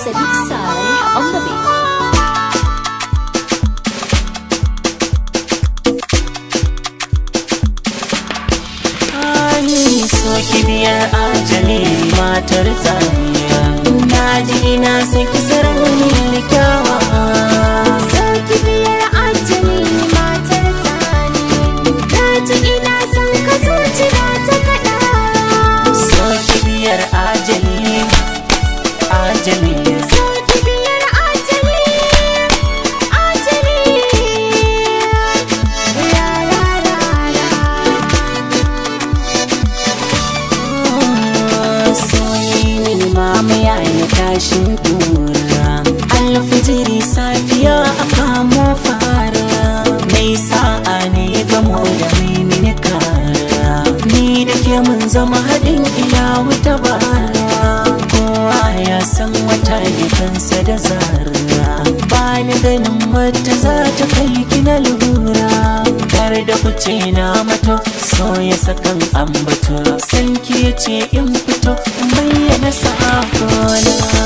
Sadiq Saleh on the beat. Sohibiyar ajali matar tsamiya, na ji na saki karkashin kura alfijiri safiya a kamo fara mai sa'a ne ga da mini kara ni da ke mun zama haɗin iya wuta bara kowa ya san wata kansa da zara ba ni ganin wata za ta kai kina lura har da kuce na mato so ya sakan ambato sanki ya ce in fito bayyana sa'afona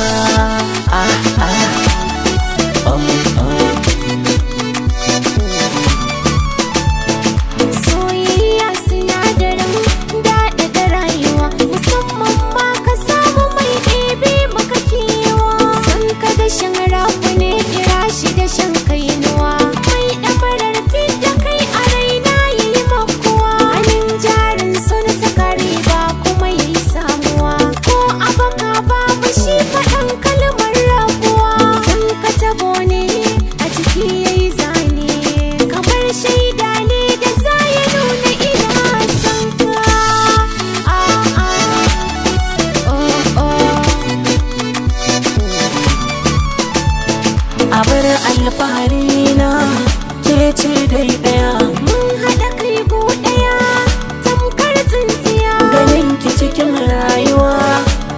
abar alfahari na ke ce dai daya mun haɗa kai bu daya tamkar tsintsiya ganin ki cikin rayuwa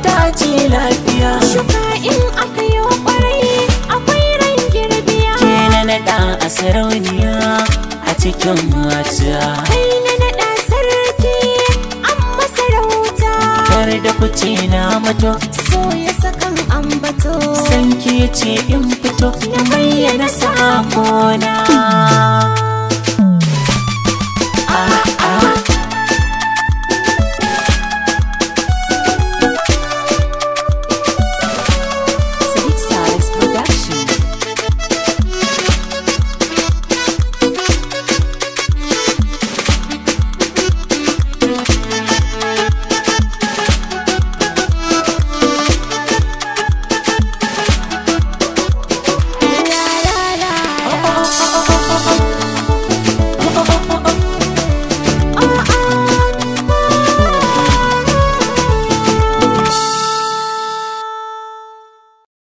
ta ce lafiya shuka in aka yi kwarai akwai ran girbiya ke na naɗa a sarauniya a cikin mata har da kuce na mato so ya sakan ambato sanke ce in fito ya bayyana sakona